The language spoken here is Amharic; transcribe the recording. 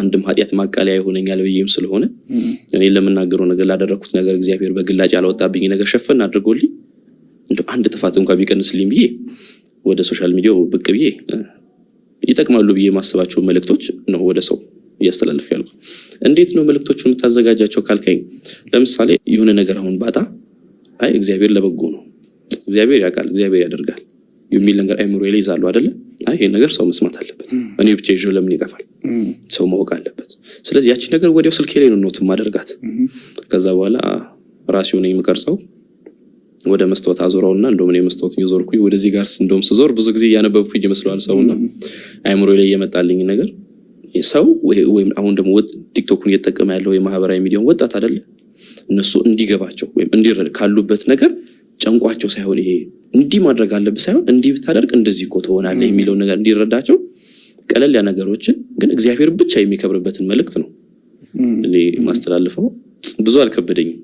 አንድም ኃጢአት ማቃለያ ይሆነኛል ብዬም ስለሆነ እኔ ለምናገረው ነገር ላደረግኩት ነገር እግዚአብሔር በግላጭ ያለወጣብኝ ነገር ሸፈን አድርጎልኝ እንደ አንድ ጥፋት እንኳ ቢቀንስልኝ ብዬ ወደ ሶሻል ሚዲያው ብቅ ብዬ ይጠቅማሉ ብዬ ማስባቸው መልእክቶች ነው ወደ ሰው እያስተላልፍ ያልኩ። እንዴት ነው መልእክቶቹን የምታዘጋጃቸው ካልከኝ፣ ለምሳሌ የሆነ ነገር አሁን ባጣ አይ እግዚአብሔር ለበጎ ነው፣ እግዚአብሔር ያውቃል፣ እግዚአብሔር ያደርጋል የሚል ነገር አይምሮ ላይ ይዛሉ አይደለ? አይ ይሄን ነገር ሰው መስማት አለበት፣ እኔ ብቻ ይዞ ለምን ይጠፋል? ሰው ማወቅ አለበት። ስለዚህ ያችን ነገር ወዲያው ስልኬ ላይ ነው ኖትም ማደርጋት። ከዛ በኋላ ራሴ ሆነ የምቀርጸው ወደ መስታወት አዞረው እና እንደውም መስታወት እየዞርኩኝ ወደዚህ ጋር እንደውም ስዞር ብዙ ጊዜ እያነበብኩኝ ይመስለዋል ሰውና አይምሮ ላይ እየመጣልኝ ነገር ሰው ወይም አሁን ደግሞ ቲክቶክን እየተጠቀመ ያለው የማህበራዊ ሚዲያውን ወጣት አይደለ እነሱ እንዲገባቸው ወይም እንዲረድ ካሉበት ነገር ጨንቋቸው ሳይሆን ይሄ እንዲህ ማድረግ አለብህ ሳይሆን እንዲህ ብታደርግ እንደዚህ እኮ ትሆናለህ የሚለውን ነገር እንዲረዳቸው ቀለል ያ ነገሮችን ግን እግዚአብሔር ብቻ የሚከብርበትን መልእክት ነው እኔ ማስተላልፈው። ብዙ አልከበደኝም።